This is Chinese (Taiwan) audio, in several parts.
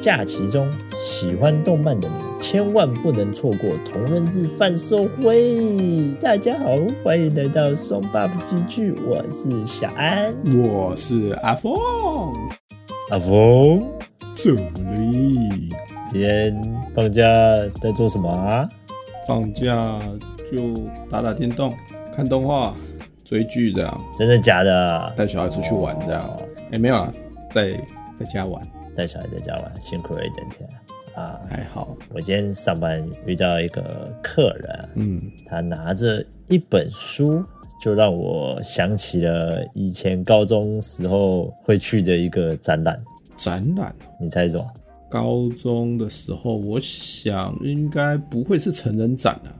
假期中喜歡動漫的你，千萬不能錯過同人誌販售會。大家好，歡迎來到雙 buff 喜劇，我是小安，我是阿峰。阿峰，主力。今天放假在做什麼啊？放假就打打電動，看動畫，追劇這樣。真的假的？帶小孩出去玩這樣？哎、哦哦欸，沒有啊，在在家玩。帶小孩在家玩，辛苦了一整天，啊，還好。我今天上班遇到一個客人，嗯，他拿着一本書，就讓我想起了以前高中時候會去的一個展覽。展覽？你猜是什麼？高中的時候，我想應該不會是成人展了啊。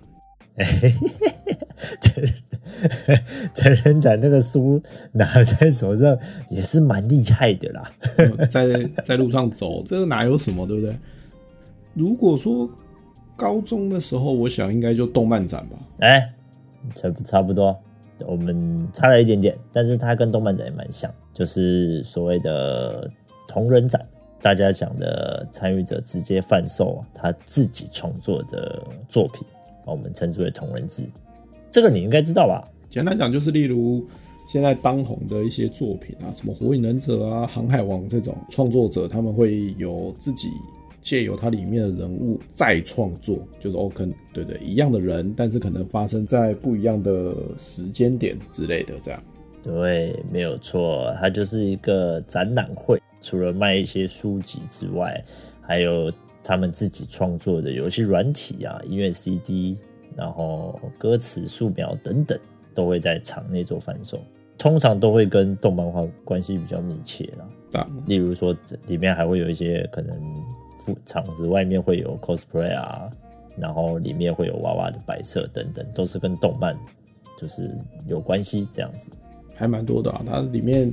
哎 成人展那個書拿在手上也是蠻厲害的啦 在在路上走，這哪有什麼對不對？如果說高中的時候，我想應該就動漫展吧。哎、欸，差差不多，我們差了一點點，但是它跟動漫展也蠻像，就是所謂的同人展，大家講的參與者直接販售他自己創作的作品，我們稱之為同人誌。這個你應該知道吧？簡單講就是，例如現在當紅的一些作品啊，什麼《火影忍者》啊，《航海王》這種，創作者他們會有自己借由它裡面的人物再創作，就是哦，n 對對，對一樣的人，但是可能發生在不一樣的時間點之類的這樣。對，沒有錯，它就是一個展覽會，除了賣一些書籍之外，還有他們自己創作的遊戲軟體啊，音樂 CD。然後歌詞素描等等都會在場內做販售，通常都會跟動漫畫關係比較密切啊，例如說，裡面還會有一些可能，副場子外面會有 cosplay 啊，然後裡面會有娃娃的擺設等等，都是跟動漫就是有關係這樣子，還蠻多的啊。它裡面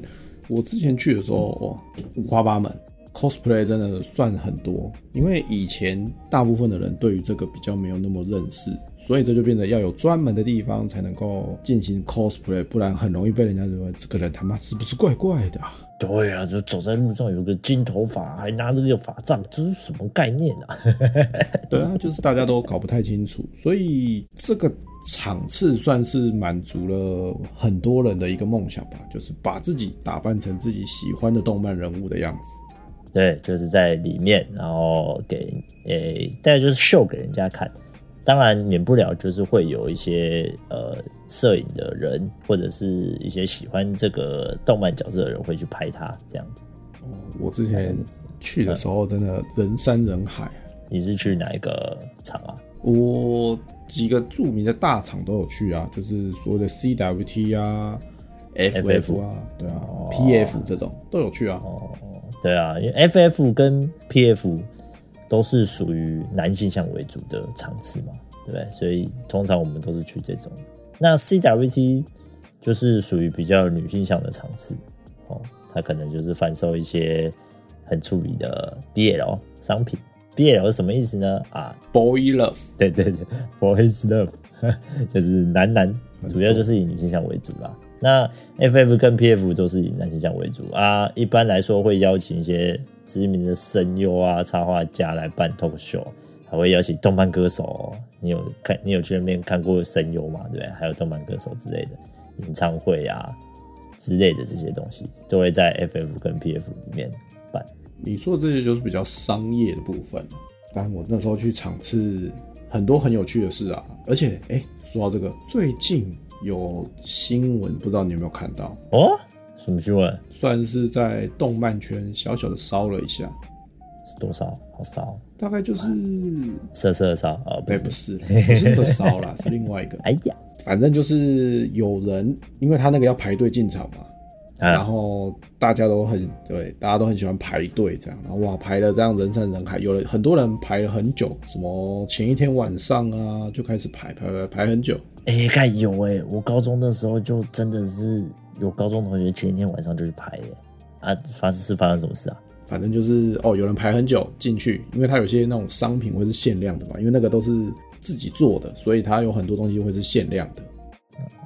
我之前去的時候，五花八門。cosplay 真的算很多，因為以前大部分的人對於這個比較沒有那麼認識，所以這就變得要有專門的地方才能夠進行 cosplay，不然很容易被人家認為這個人他媽是不是怪怪的啊？對啊，就走在路上有個金頭髮還拿着個法杖，這是什麼概念啊？對啊，就是大家都搞不太清楚，所以這個場次算是滿足了很多人的一個夢想吧，就是把自己打扮成自己喜歡的動漫人物的樣子。對，就是在裡面，然後給、欸、大概就是秀給人家看。當然免不了就是會有一些呃，攝影的人或者是一些喜歡這個動漫角色的人會去拍他這樣子。我之前去的時候，真的人山人海。嗯、你是去哪一個場啊？我幾個著名的大場都有去啊，就是所謂的 CWT 啊、FF 啊、對啊、哦、PF 這種都有去啊。哦對啊，因為 F F 跟 P F 都是屬於男性向為主的場次嘛，對不對？所以通常我們都是去這種。那 C W T 就是屬於比較女性向的場次哦，它可能就是販售一些很出名的 B L 商品。B L 是什麼意思呢？啊，Boy Love。對對對，Boy's Love，就是男男，主要就是以女性向為主啦。那 F F 跟 P F 都是以男性向為主啊，一般來說會邀請一些知名的聲優啊、插畫家來辦 talk show，還會邀請動漫歌手。你有看？你有去那邊看過聲優嗎？對不對？還有動漫歌手之類的演唱會啊之類的這些東西，都會在 F F 跟 P F 裡面辦。你說的這些就是比較商業的部分。當然，我那時候去場次很多很有趣的事啊，而且哎、欸，說到這個，最近。有新聞，不知道你有沒有看到哦？什麼新聞？算是在動漫圈小小的燒了一下，是多少？好燒？大概就是色色燒啊？不、哦、不是、欸、不是那個燒啦， 是另外一個。哎呀，反正就是有人，因為他那個要排隊進場嘛。啊、然後大家都很對，大家都很喜歡排隊這樣。然後哇，排了這樣人山人海，有了很多人排了很久，什麼前一天晚上啊就開始排排排排很久。哎、欸，該有哎、欸，我高中的時候就真的是有高中同學前一天晚上就去排了。啊。發生，是發生什麼事啊？反正就是哦，有人排很久進去，因為他有些那種商品會是限量的嘛，因為那個都是自己做的，所以他有很多東西會是限量的。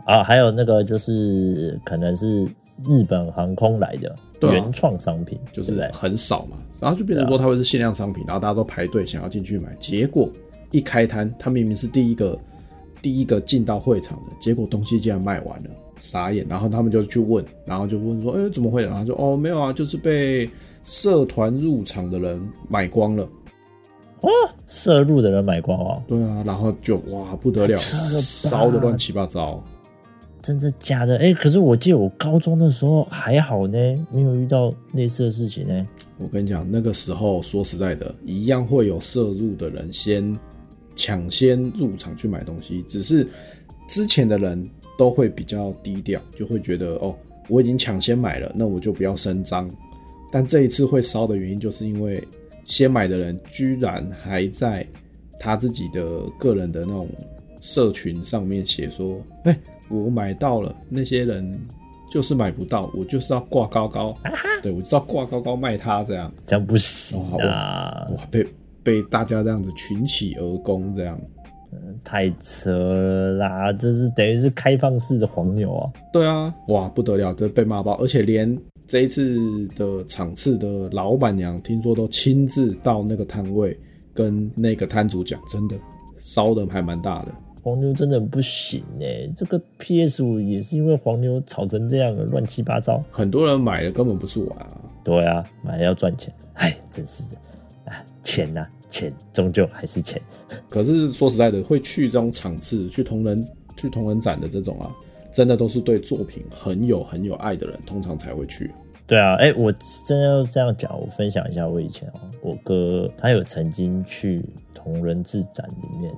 啊，還有那個就是可能是日本航空來的原創商品，啊對對，就是很少嘛，然後就變成說它會是限量商品，然後大家都排隊想要進去買，結果一開攤，他明明是第一個第一個進到會場的，結果東西竟然賣完了，傻眼，然後他們就去問，然後就問說，哎，怎麼會？然後說哦，沒有啊，就是被社團入場的人買光了，啊，社入的人買光了。哦，對啊，然後就哇不得了，的燒的亂七八糟。真的假的？哎，可是我記得我高中的時候還好呢，沒有遇到類似的事情呢。我跟你講，那個時候說實在的，一樣會有社入的人先搶先入場去買東西，只是之前的人都會比較低調，就會覺得哦，我已經搶先買了，那我就不要聲張。但這一次會燒的原因，就是因為先買的人居然還在他自己的個人的那種社群上面寫說，哎。我買到了，那些人就是買不到，我就是要掛高高，啊、哈對，我就是要掛高高賣他這樣，這樣不行啊！哇，哇被被大家這樣子群起而攻這樣，呃、太扯啦！這是等於是開放式的黃牛啊！對啊，哇不得了，這被罵爆，而且連這一次的場次的老闆娘聽說都親自到那個攤位跟那個攤主講，真的燒的還蠻大的。黃牛真的不行哎、欸！這個 PS5 也是因為黃牛炒成這樣的亂七八糟，很多人買的根本不是玩啊。對啊，買了要賺錢，哎，真是的哎，錢吶、啊，錢終究還是錢。可是說實在的，會去這種場次、去同人、去同人展的這種啊，真的都是對作品很有、很有愛的人，通常才會去。對啊，哎、欸，我真的要這樣講，我分享一下我以前哦、喔，我哥他有曾經去同人志展裡面。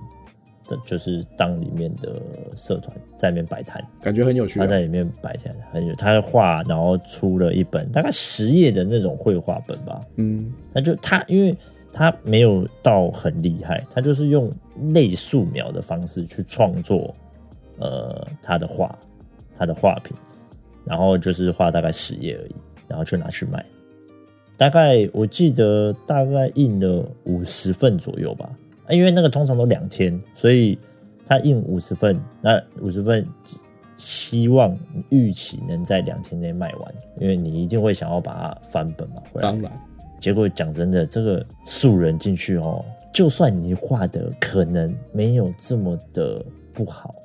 就是當裡面的社團在裡面擺攤，感覺很有趣啊。他在裡面擺攤，很有他的畫，然後出了一本大概十頁的那種繪畫本吧。嗯，那就他，因為他沒有到很厲害，他就是用類素描的方式去創作，呃，他的畫，他的畫品，然後就是畫大概十頁而已，然後去拿去賣，大概我記得大概印了五十份左右吧。啊，因為那個通常都兩天，所以他印五十份，那五十份希望預期能在兩天內賣完，因為你一定會想要把它翻本嘛，回來。當然，結果講真的，這個素人進去哦，就算你畫的可能沒有這麼的不好，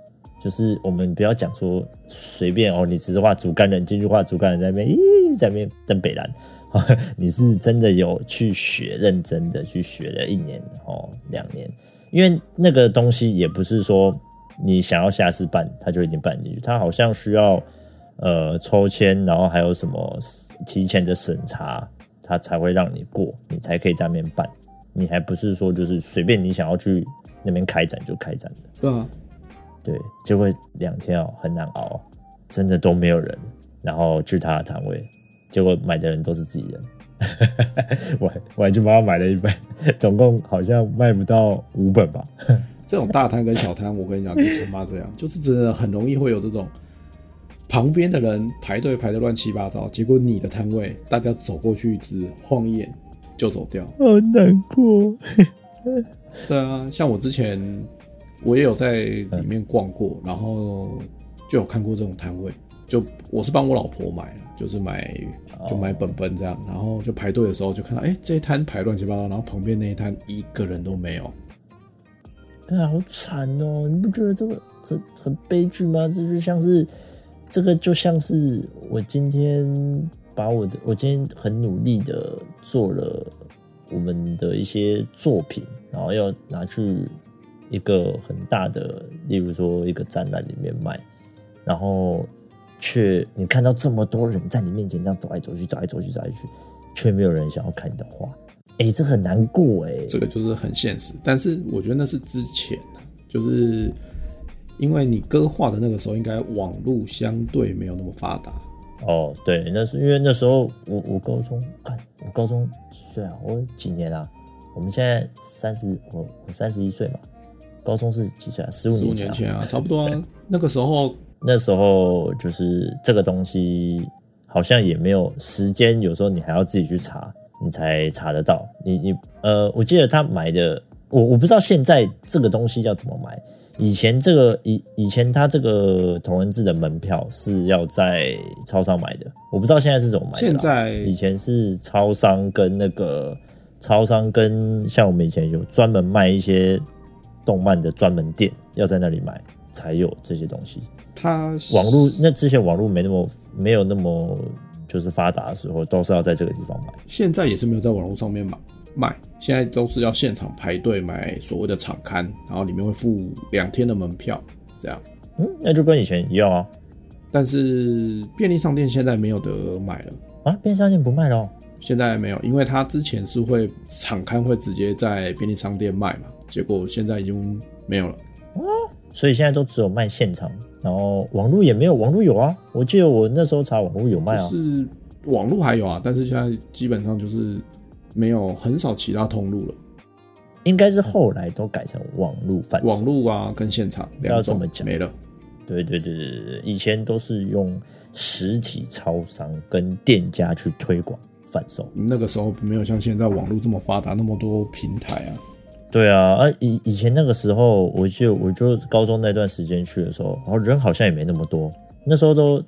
就是我們不要講說隨便哦，你只是畫竹竿人進去畫竹竿人在那邊咦，在那邊等北蘭。 你是真的有去學，認真的去學了一年哦、兩年，因為那個東西也不是說你想要下次辦它就已經辦進去，它好像需要呃抽籤，然後還有什麼提前的審查，它才會讓你過，你才可以在那邊辦，你還不是說就是隨便你想要去那邊開展就開展的，對、嗯，對，就會兩天哦，很難熬，真的都沒有人，然後去他的攤位。結果買的人都是自己人， 我還我還就幫他買了一本，總共好像賣不到五本吧。這種大攤跟小攤， 我跟你講，就是媽這樣，就是真的很容易會有這種旁邊的人排隊排得亂七八糟，結果你的攤位大家走過去只晃一眼就走掉，好難過。 對啊，像我之前我也有在裡面逛過，嗯、然後就有看過這種攤位。就我是幫我老婆買就是買就買本本這樣，然後就排隊的時候就看到，哎，這一攤排亂七八糟，然後旁邊那一攤一個人都沒有，啊，好慘哦！你不覺得這個這很悲劇嗎？這就像是這個，就像是我今天把我的我今天很努力的做了我們的一些作品，然後要拿去一個很大的，例如說一個展覽裡面賣，然後，卻你看到這麼多人在你面前這樣走來走去，走來走去，走來走去，卻沒有人想要看你的畫，哎、欸，這很難過哎、欸。這個就是很現實，但是我覺得那是之前，就是因為你哥畫的那個時候，應該網絡相對沒有那麼發達哦。對，那是因為那時候我我高中看我高中幾歲啊？我幾年啊？我們現在三十，我我三十一歲嘛。高中是幾歲啊？十五年、啊、年前啊，差不多、啊、 那個時候。那時候就是這個東西好像也沒有時間，有時候你還要自己去查，你才查得到。你你呃，我記得他買的，我我不知道現在這個東西要怎麼買。以前這個以以前他這個同人志的門票是要在超商買的，我不知道現在是怎麼買的。現在以前是超商跟那個超商跟像我們以前有專門賣一些動漫的專門店，要在那裡買才有這些東西。他是網絡那之前網絡沒那麼沒有那麼就是發達的時候，都是要在這個地方買。現在也是沒有在網絡上面買賣。現在都是要現場排隊買所謂的場刊，然後裡面會附兩天的門票，這樣。嗯，那就跟以前一樣啊。但是便利商店現在沒有得買了啊？便利商店不賣了？現在沒有，因為他之前是會場刊會直接在便利商店賣嘛，結果現在已經沒有了啊，所以現在都只有賣現場。然後網路也沒有，網路有啊，我記得我那時候查網絡有賣啊，就是網路還有啊，但是現在基本上就是沒有很少其他通路了，應該是後來都改成網絡販售，嗯，網絡啊跟現場兩種，不要這麼講，沒了，對對對對對，以前都是用實體超商跟店家去推廣販售，那個時候沒有像現在網絡這麼發達那麼多平台啊。對啊，啊以以前那個時候，我就我就高中那段時間去的時候，然後人好像也沒那麼多。那時候都，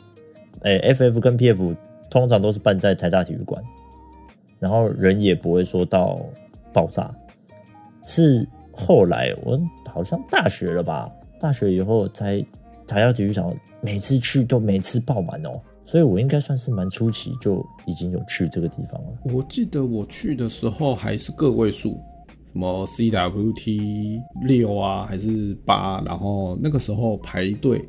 哎，欸，FF 跟 PF 通常都是辦在台大體育館，然後人也不會說到爆炸。是後來我好像大學了吧？大學以後在台大體育場，每次去都每次爆滿哦，所以我應該算是蠻初期就已經有去這個地方了。我記得我去的時候還是個位數。什麼 CWT 六啊，還是八？然後那個時候排隊，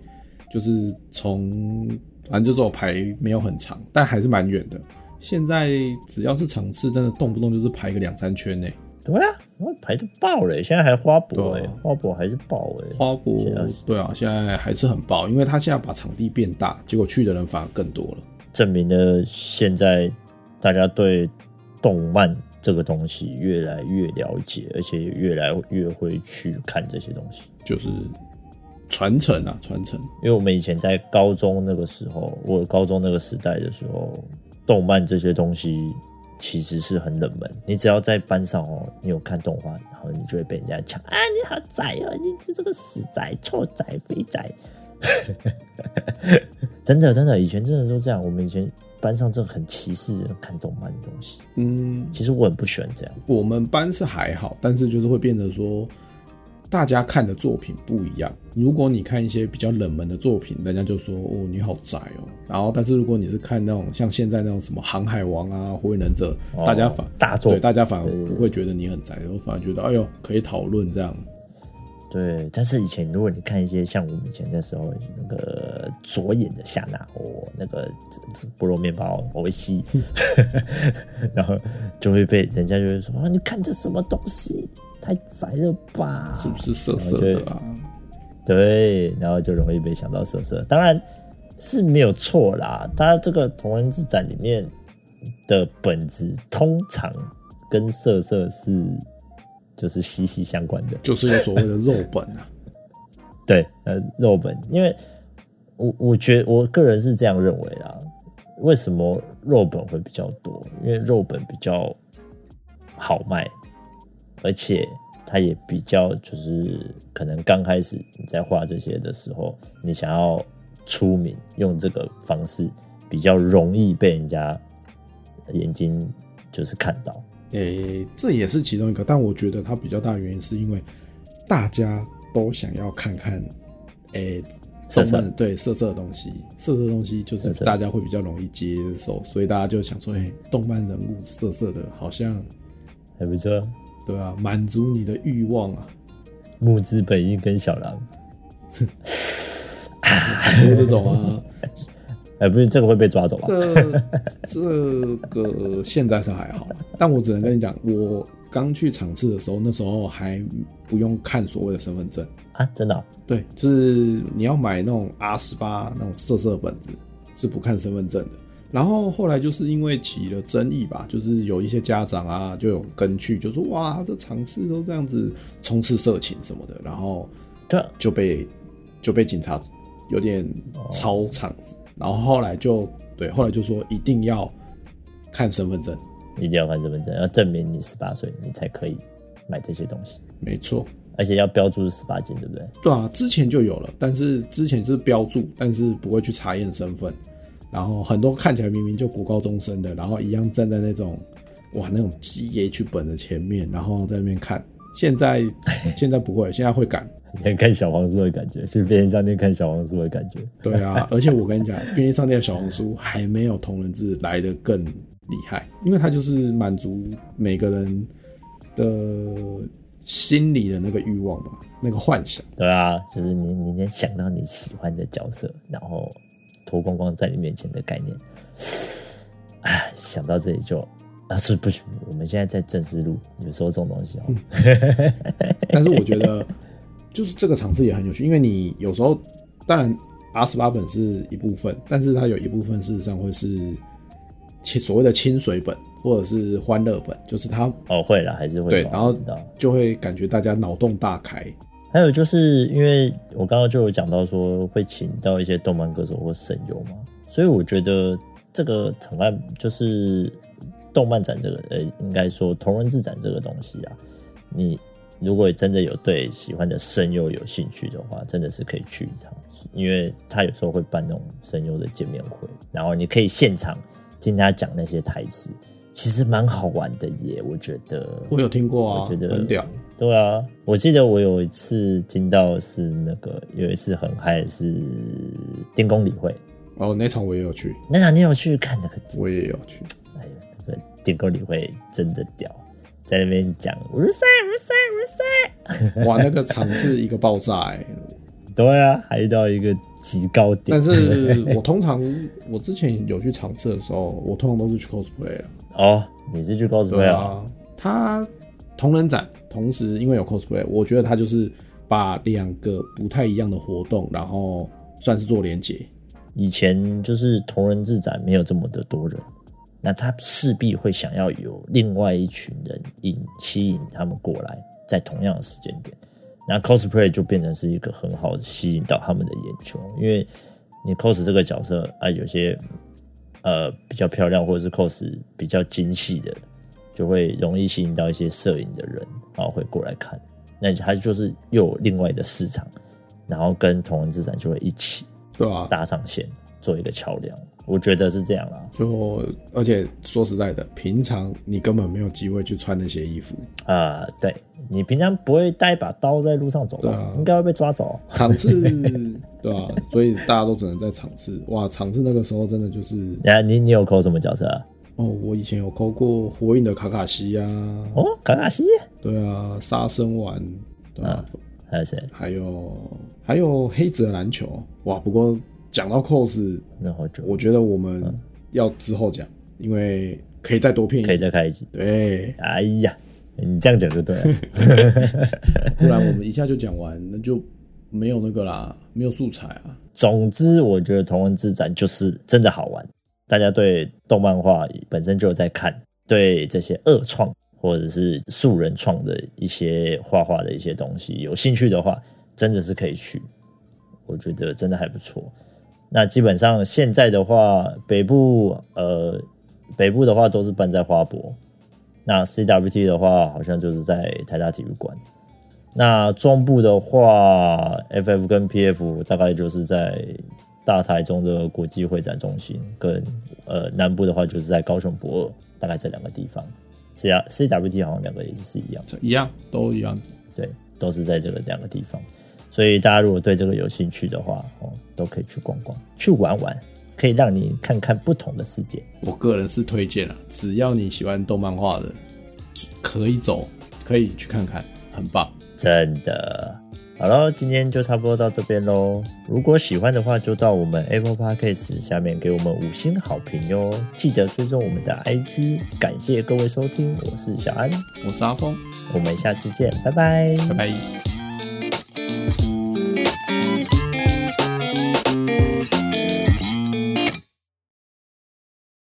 就是從完之後排沒有很長，但還是蠻遠的。現在只要是場次，真的動不動就是排個兩三圈呢。對啊呀？我排都爆了，現在還花博哎、啊，花博還是爆哎，花博對啊，現在還是很爆，因為他現在把場地變大，結果去的人反而更多了，證明了現在大家對動漫。這個東西越來越了解，而且越來越會去看這些東西，就是傳承啊傳承。因為我們以前在高中那個時候，我高中那個時代的時候，動漫這些東西其實是很冷門。你只要在班上哦、喔，你有看動畫，然後你就會被人家搶啊！你好宅哦、啊，你這個死宅、臭宅、肥宅， 真的真的，以前真的都這樣。我們以前。班上真的很歧視人看動漫的東西，嗯，其實我很不喜歡這樣。我們班是還好，但是就是會變得說，大家看的作品不一樣。如果你看一些比較冷門的作品，人家就說哦，你好宅哦。然後，但是如果你是看那種像現在那種什麼《航海王》啊、《火影忍者》哦，大家反大作對，大家反而不會覺得你很宅，我反而覺得哎呦可以討論這樣。對，但是以前如果你看一些像我們以前的時候，那個灼眼的夏娜或那個菠蘿麵包我會吸。 然後就會被人家就會說啊，你看這什麼東西，太宅了吧？是不是色色的啊？對，然後就容易被想到色色，當然是沒有錯啦。他這個同人誌展裡面的本子，通常跟色色是就是息息相關的，就是有所謂的肉本啊， 對，呃，肉本，因為我我覺我個人是這樣認為啊，為什麼肉本會比較多？因為肉本比較好賣，而且它也比較就是可能剛開始你在畫這些的時候，你想要出名，用這個方式比較容易被人家眼睛就是看到。誒、欸，這也是其中一個，但我覺得它比較大的原因是因為大家都想要看看，誒、欸，動漫色色對色色的東西，色色的東西就是大家會比較容易接受，色色所以大家就想說，誒、欸，動漫人物色色的，好像還不錯，對啊，滿足你的慾望啊，木之本櫻跟小狼，啊， 這種啊。 哎，不是這個會被抓走啊！這這個現在是還好，但我只能跟你講，我剛去場次的時候，那時候還不用看所謂的身份證啊，真的啊？對，就是你要買那種 R 十八那種色色的本子是不看身份證的。然後後來就是因為起了爭議吧，就是有一些家長啊就有跟去，就說，哇這場次都這樣子充斥色情什麼的，然後就被就被警察有點抄場子。哦，然後後來就對，後來就說一定要看身份證，一定要看身份證，要證明你十八歲，你才可以買這些東西。沒錯，而且要標注是十八禁，對不對？對啊，之前就有了，但是之前是標注，但是不會去查驗身份。然後很多看起來明明就國高中生的，然後一樣站在那種哇那種 GH 本的前面，然後在那邊看。現在現在不會， 現在會改。看小黃書的感覺，去便利商店看小黃書的感覺。對啊，而且我跟你講， 便利商店的小黃書還沒有同人志來得更厲害，因為它就是滿足每個人的心理的那個慾望吧，那個幻想。對啊，就是你你想到你喜歡的角色，然後脫光光在你面前的概念。唉，想到這裡就啊，是不行，我們現在在正式錄，有說這種東西、嗯。但是我覺得。就是這個場次也很有趣，因為你有時候，當然 R18 本是一部分，但是它有一部分事實上會是其所謂的清水本或者是歡樂本，就是它哦會啦還是會對，然後就會感覺大家腦洞大開。還有就是因為我剛剛就有講到說會請到一些動漫歌手或聲優嘛，所以我覺得這個場案就是動漫展這個呃、欸，應該說同人志展這個東西啊，你。如果真的有對喜歡的聲優有興趣的話，真的是可以去一趟，因為他有時候會辦那種聲優的見面會，然後你可以現場聽他講那些台詞，其實蠻好玩的耶，我覺得。我有聽過啊，我覺得，很屌。對啊，我記得我有一次聽到是那個有一次很嗨是電工理會，哦，那場我也有去，那場你有去看那個字？我也要去。哎呀，那個電工理會真的屌。在那邊講，哇，那個場次一個爆炸、欸， 對啊，還遇到一個極高點。 但是我通常我之前有去場次的時候，我通常都是去 cosplay 哦，你是去 cosplay 啊？他同人展，同時因為有 cosplay，我覺得他就是把兩個不太一樣的活動，然後算是做連接。以前就是同人志展沒有這麼的多人。那他勢必會想要有另外一群人引吸引他們過來，在同樣的時間點，那 cosplay 就變成是一個很好吸引到他們的眼球，因為你 cos 這個角色，啊，有些呃比較漂亮，或者是 cos 比較精細的，就會容易吸引到一些攝影的人啊，會過來看，那他就是又有另外的市場，然後跟同人誌展就會一起對搭上線，啊，做一個橋樑。我覺得是這樣啊，就而且說實在的，平常你根本沒有機會去穿那些衣服。呃，對，你平常不會帶一把刀在路上走的，啊，應該會被抓走。場次，對啊，所以大家都只能在場次。 哇，場次那個時候真的就是。啊，你你有扣什麼角色啊？哦，我以前有扣過《火影》的卡卡西啊。哦，卡卡西。對啊，殺生丸對啊。啊，還有誰？還有還有黑子的籃球。哇，不過。講到 cos 然後就我覺得我們要之後講，啊，因為可以再多騙一，可以再開一集。對，哎呀，你這樣講就對了，不 然我們一下就講完，那就沒有那個啦，沒有素材啊。總之，我覺得同人誌展就是真的好玩。大家對動漫畫本身就有在看，對這些二創或者是素人創的一些畫畫的一些東西有興趣的話，真的是可以去，我覺得真的還不錯。那基本上現在的話，北部呃北部的話都是辦在花博，那 CWT 的話好像就是在台大體育館。那中部的話，FF 跟 PF 大概就是在大台中的國際會展中心，跟呃南部的話就是在高雄駁二，大概這兩個地方。C 啊 CWT 好像兩個也是一樣，一樣都一樣，對，都是在這個兩個地方。所以大家如果對這個有興趣的話，哦。都可以去逛逛，去玩玩，可以讓你看看不同的世界。我個人是推薦啊，只要你喜歡動漫畫的，可以走，可以去看看，很棒。真的，好了，今天就差不多到這邊嘍。如果喜歡的話，就到我們 Apple Podcast 下面給我們五星好評喲。記得追蹤我們的 IG，感謝各位收聽，我是小安，我是阿峰，我們下次見，拜拜，拜拜。